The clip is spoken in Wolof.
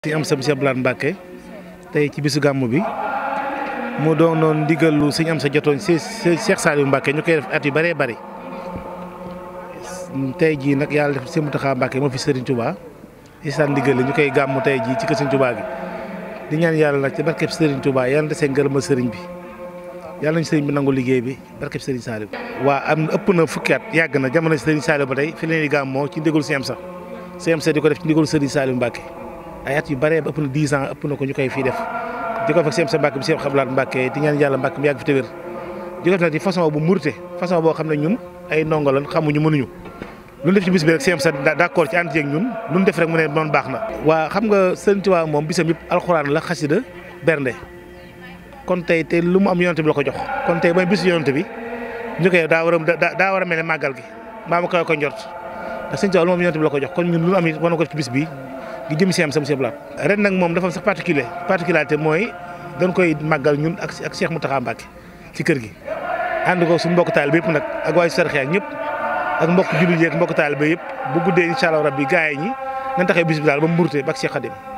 ci am sam si Abdoulaye Mbacke tey ci bisu gàmm bi mu doon noonu ndigal lu suñ am sa jotoon si Cheikh Saliou Mbacke ñu koy def at yu bëree bëri tey jii nag yàlla def si Mountakha Mbacke moo fi Serigne Touba si saan ndigal ñu koy gàmm tey jii ci kër Serigne Touba gi di ñaan yàlla nag ci barkeb Serigne Touba yàlla desee ngërëmal sëriñ bi yàlla nañ Serigne bi nangu liggéey bi barkeb Serigne Saliou. waa am ëpp na fukki at yàgg na jamono Serigne Saliou ba tey fi leen ci ndigal si am sa si am ko def ci ndigal Serigne Saliou Mbacke ay at yu bëree ba ëpp na 10 ans ëpp na ko ñu koy fii def di ko fekk seen sa mbàkk bi xablaat mbàkke di ñaan yàlla mbàkk bi yàgg fi te wér di ko def nag di façon bu murte boo xam ne ñun ay ndongo lañ xamuñu mënuñu lu def ci bis bi rek seen sa d'accord xam nga Sëriñ moom bisam yëpp alxuraan la xasida bernde kon tey te lu mu am yonent bi la ko jox kon tey mooy bisu yonent bi ñu koy daa war a daa a mel ne màggal gi maa ma koy ko njort ndax Sëriñ Tuubaa lu mu gi jëm si am sama sëñ ren nag moom dafa am sax particulier particularité mooy dañ koy màggal ñun ak seex mu Mountakha Mbacké ci kër gi. ànd ko su mbokk taalibe yëpp nag ak waa Sarxe ak ñëpp ak mbokk jullit yi ak mbokk taalibe yëpp bu guddee incha allah bi gaay ñi nan taxee bis bi daal ba mu ba ak Cheikh Khadim